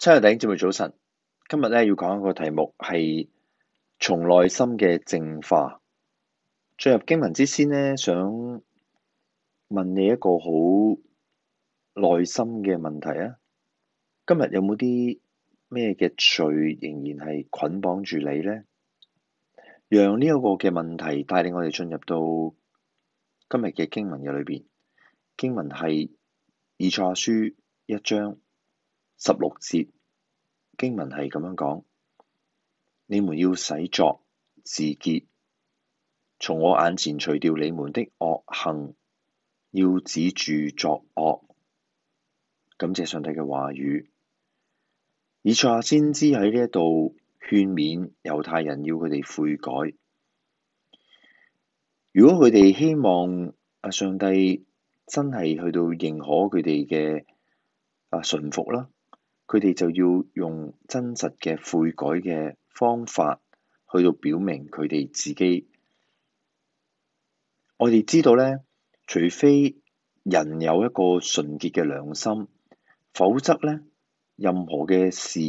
七日頂，姊妹早晨。今日咧要講一個題目，係從內心嘅淨化。進入經文之先呢，想問你一個好內心嘅問題啊。今日有冇啲咩嘅罪仍然係捆綁住你咧？讓呢一個嘅問題帶領我哋進入到今日嘅經文嘅裏邊。經文係以賽亞書一章。十六節經文係咁樣講：你們要洗濯自潔，從我眼前除掉你們的惡行，要止住作惡。感謝上帝嘅話語，以賽亞先知喺呢一度勸勉猶太人，要佢哋悔改。如果佢哋希望上帝真係去到認可佢哋嘅啊順服啦。佢哋就要用真實嘅悔改嘅方法，去到表明佢哋自己。我哋知道咧，除非人有一個純潔嘅良心，否則咧，任何嘅事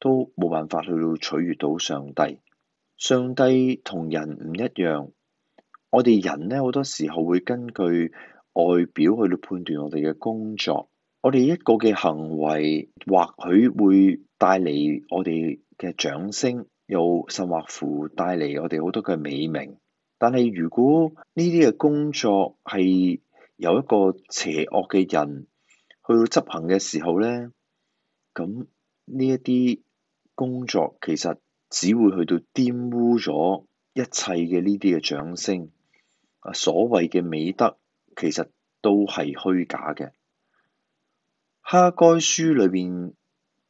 都冇辦法去到取悅到上帝。上帝同人唔一樣，我哋人咧好多時候會根據外表去到判斷我哋嘅工作。我哋一個嘅行為，或許會帶嚟我哋嘅掌聲，又甚或乎帶嚟我哋好多嘅美名。但係如果呢啲嘅工作係由一個邪惡嘅人去到執行嘅時候咧，咁呢一啲工作其實只會去到玷污咗一切嘅呢啲嘅掌聲。啊，所謂嘅美德其實都係虛假嘅。哈該書裏面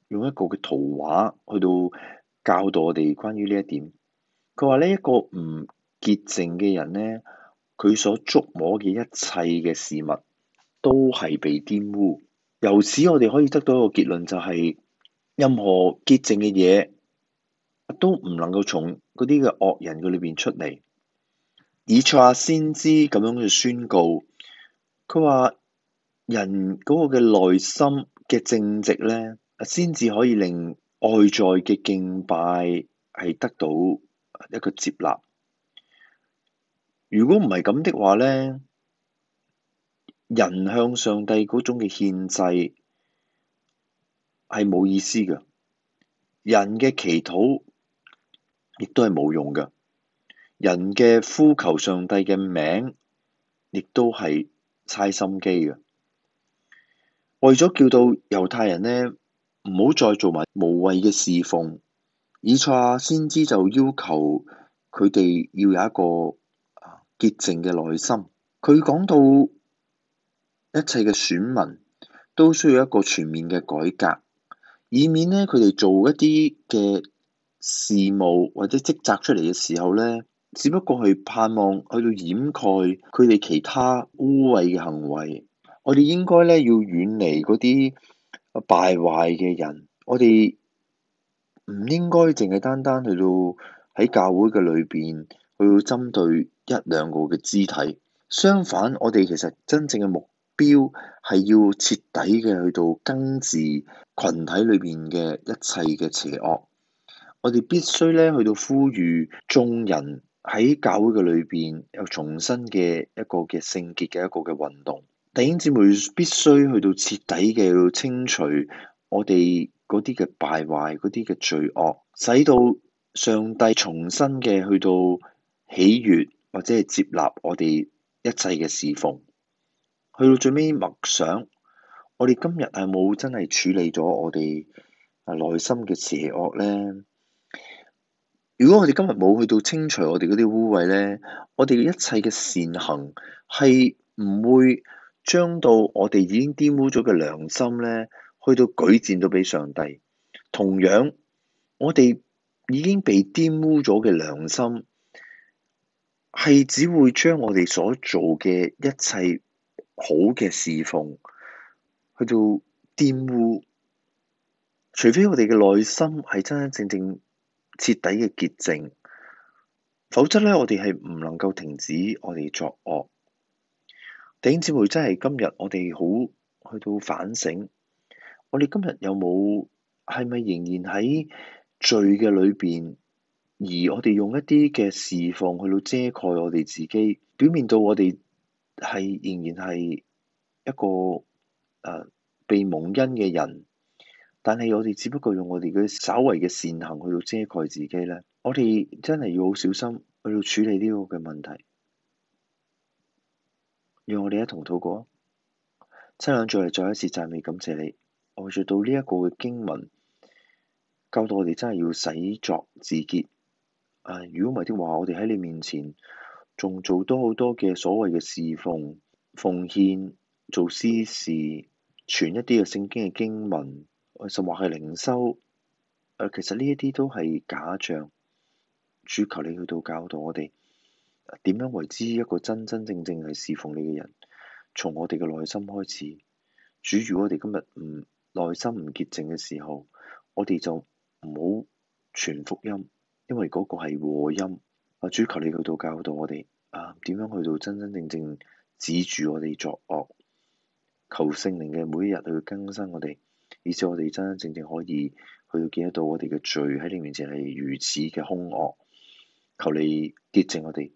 用一個嘅圖畫去到教導我哋關於呢一點。佢話，呢一個唔潔淨嘅人呢，佢所觸摸嘅一切嘅事物都係被玷污。由此我哋可以得到一個結論，就係、是、任何潔淨嘅嘢都唔能夠從嗰啲嘅惡人嘅裏邊出嚟。以賽亞先知咁樣去宣告，佢話。人嗰個嘅內心嘅正直咧，先至可以令外在嘅敬拜係得到一個接納。如果唔係咁的話咧，人向上帝嗰種嘅獻祭係冇意思嘅。人嘅祈禱亦都係冇用嘅。人嘅呼求上帝嘅名，亦都係嘥心機嘅。為咗叫到猶太人呢，唔好再做埋無謂嘅侍奉，以賽亞先知就要求佢哋要有一個潔淨嘅內心。佢講到一切嘅選民都需要一個全面嘅改革，以免呢，佢哋做一啲嘅事務或者職責出嚟嘅時候呢，只不過係盼望去到掩蓋佢哋其他污穢嘅行為。我哋應該咧要遠離嗰啲敗壞嘅人。我哋唔應該淨係單單去到喺教會嘅裏邊去到針對一兩個嘅肢體。相反，我哋其實真正嘅目標係要徹底嘅去到根治群體裏邊嘅一切嘅邪惡。我哋必須咧去到呼籲眾人喺教會嘅裏邊有重新嘅一個嘅聖潔嘅一個嘅運動。弟兄姊妹必須去到徹底嘅清除我哋嗰啲嘅敗壞，嗰啲嘅罪惡，使到上帝重新嘅去到喜悅或者係接納我哋一切嘅侍奉。去到最尾默想，我哋今日係冇真係處理咗我哋啊內心嘅邪惡咧？如果我哋今日冇去到清除我哋嗰啲污穢咧，我哋一切嘅善行係唔會。將到我哋已經玷污咗嘅良心咧，去到舉薦到畀上帝。同樣，我哋已經被玷污咗嘅良心，係只會將我哋所做嘅一切好嘅侍奉，去到玷污。除非我哋嘅內心係真真正正徹底嘅潔淨，否則咧，我哋係唔能夠停止我哋作惡。頂姊妹真係，今日我哋好去到反省，我哋今日有冇係咪仍然喺罪嘅裏邊，而我哋用一啲嘅事奉去到遮蓋我哋自己，表面到我哋係仍然係一個誒、呃、被蒙恩嘅人，但係我哋只不過用我哋嘅稍為嘅善行去到遮蓋自己咧，我哋真係要好小心去到處理呢個嘅問題。讓我哋一同禱告啊！親，兩再嚟，再一次讚美感謝你，我哋到呢一個嘅經文，教到我哋真係要洗濯自潔啊！如果唔係的話，我哋喺你面前仲做多好多嘅所謂嘅侍奉、奉獻、做私事、傳一啲嘅聖經嘅經文，甚至話係靈修，誒、啊，其實呢一啲都係假象，主求你去到教導我哋。點樣為之一個真真正正係侍奉你嘅人？從我哋嘅內心開始，主，如果我哋今日唔內心唔潔淨嘅時候，我哋就唔好傳福音，因為嗰個係禍音。啊，主求你去到教導我哋啊，點樣去到真真正正止住我哋作惡？求聖靈嘅每一日去更新我哋，以至我哋真真正正可以去到見得到我哋嘅罪喺你面前係如此嘅兇惡。求你潔淨我哋。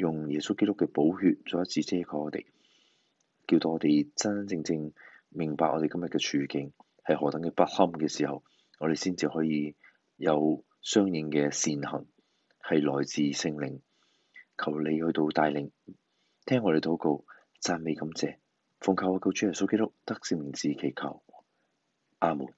用耶穌基督嘅寶血做一次遮蓋我哋，叫到我哋真真正正明白我哋今日嘅處境係何等嘅不堪嘅時候，我哋先至可以有相應嘅善行，係來自聖靈。求你去到帶領，聽我哋禱告，讚美感謝，奉求我救主耶穌基督得勝名字祈求，阿門。